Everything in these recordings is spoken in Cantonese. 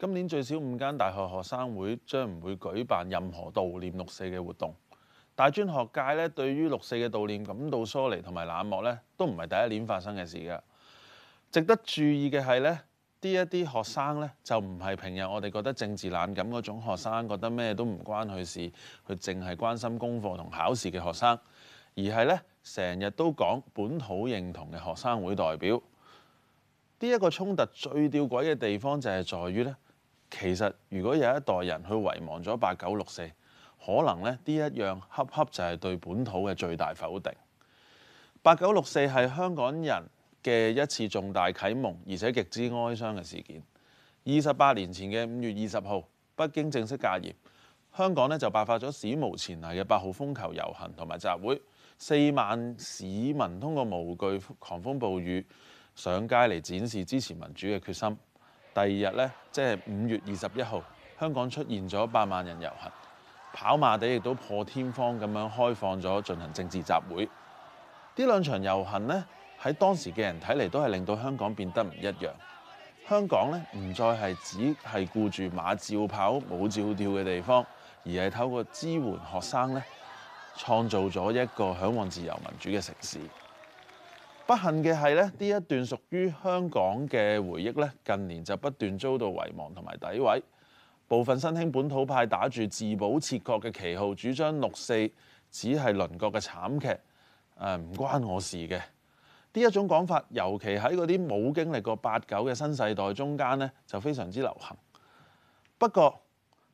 今年最少五間大學學生會將唔會舉辦任何悼念六四嘅活動。大專學界咧，對於六四嘅悼念感到疏離同埋冷漠咧，都唔係第一年發生嘅事噶。值得注意嘅係咧，呢一啲學生咧，就唔係平日我哋覺得政治冷感嗰種學生，覺得咩都唔關佢事，佢淨係關心功課同考試嘅學生。而係咧，成日都講本土認同嘅學生會代表，呢、這、一個衝突最吊鬼嘅地方就係在於咧，其實如果有一代人去遺忘咗八九六四，可能咧呢一樣恰恰就係對本土嘅最大否定。八九六四係香港人嘅一次重大啟蒙，而且極之哀傷嘅事件。二十八年前嘅五月二十號，北京正式戒嚴，香港咧就爆發咗史無前例嘅八號風球遊行同埋集會。四萬市民通過無懼狂風暴雨上街嚟展示支持民主嘅決心。第二日咧，即係五月二十一號，香港出現咗百萬人遊行，跑馬地亦都破天荒咁樣開放咗進行政治集會。呢兩場遊行呢，喺當時嘅人睇嚟都係令到香港變得唔一樣。香港咧唔再係只係顧住馬照跑、舞照跳嘅地方，而係透過支援學生咧。創造咗一個向往自由民主嘅城市。不幸嘅係咧，呢一段屬於香港嘅回憶咧，近年就不斷遭到遺忘同埋詆毀。部分新興本土派打住「自保切割」嘅旗號，主張六四只係鄰國嘅慘劇，呃，唔關我事嘅。呢一種講法，尤其喺嗰啲冇經歷過八九嘅新世代中間呢，就非常之流行。不過，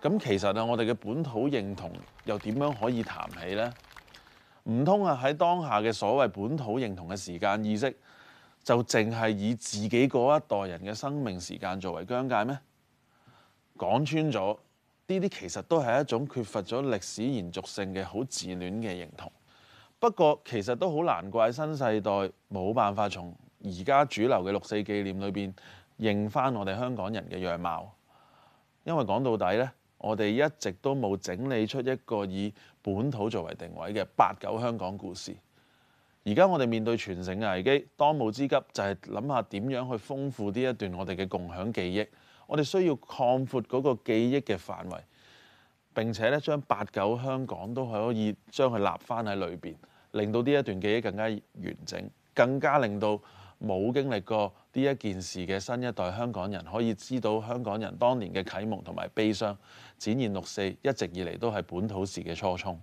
咁其實啊，我哋嘅本土認同又點樣可以談起呢？唔通啊，喺當下嘅所謂本土認同嘅時間意識，就淨係以自己嗰一代人嘅生命時間作為疆界咩？講穿咗，呢啲其實都係一種缺乏咗歷史延續性嘅好自戀嘅認同。不過其實都好難怪新世代冇辦法從而家主流嘅六四紀念裏邊認返我哋香港人嘅樣貌，因為講到底呢。我哋一直都冇整理出一個以本土作為定位嘅八九香港故事。而家我哋面對全城危機，當務之急就係諗下點樣去豐富呢一段我哋嘅共享記憶。我哋需要擴闊嗰個記憶嘅範圍，並且咧將八九香港都係可以將佢立翻喺裏邊，令到呢一段記憶更加完整，更加令到。冇經歷過呢一件事嘅新一代香港人，可以知道香港人當年嘅啟蒙同埋悲傷，展現六四一直以嚟都係本土史嘅初衷。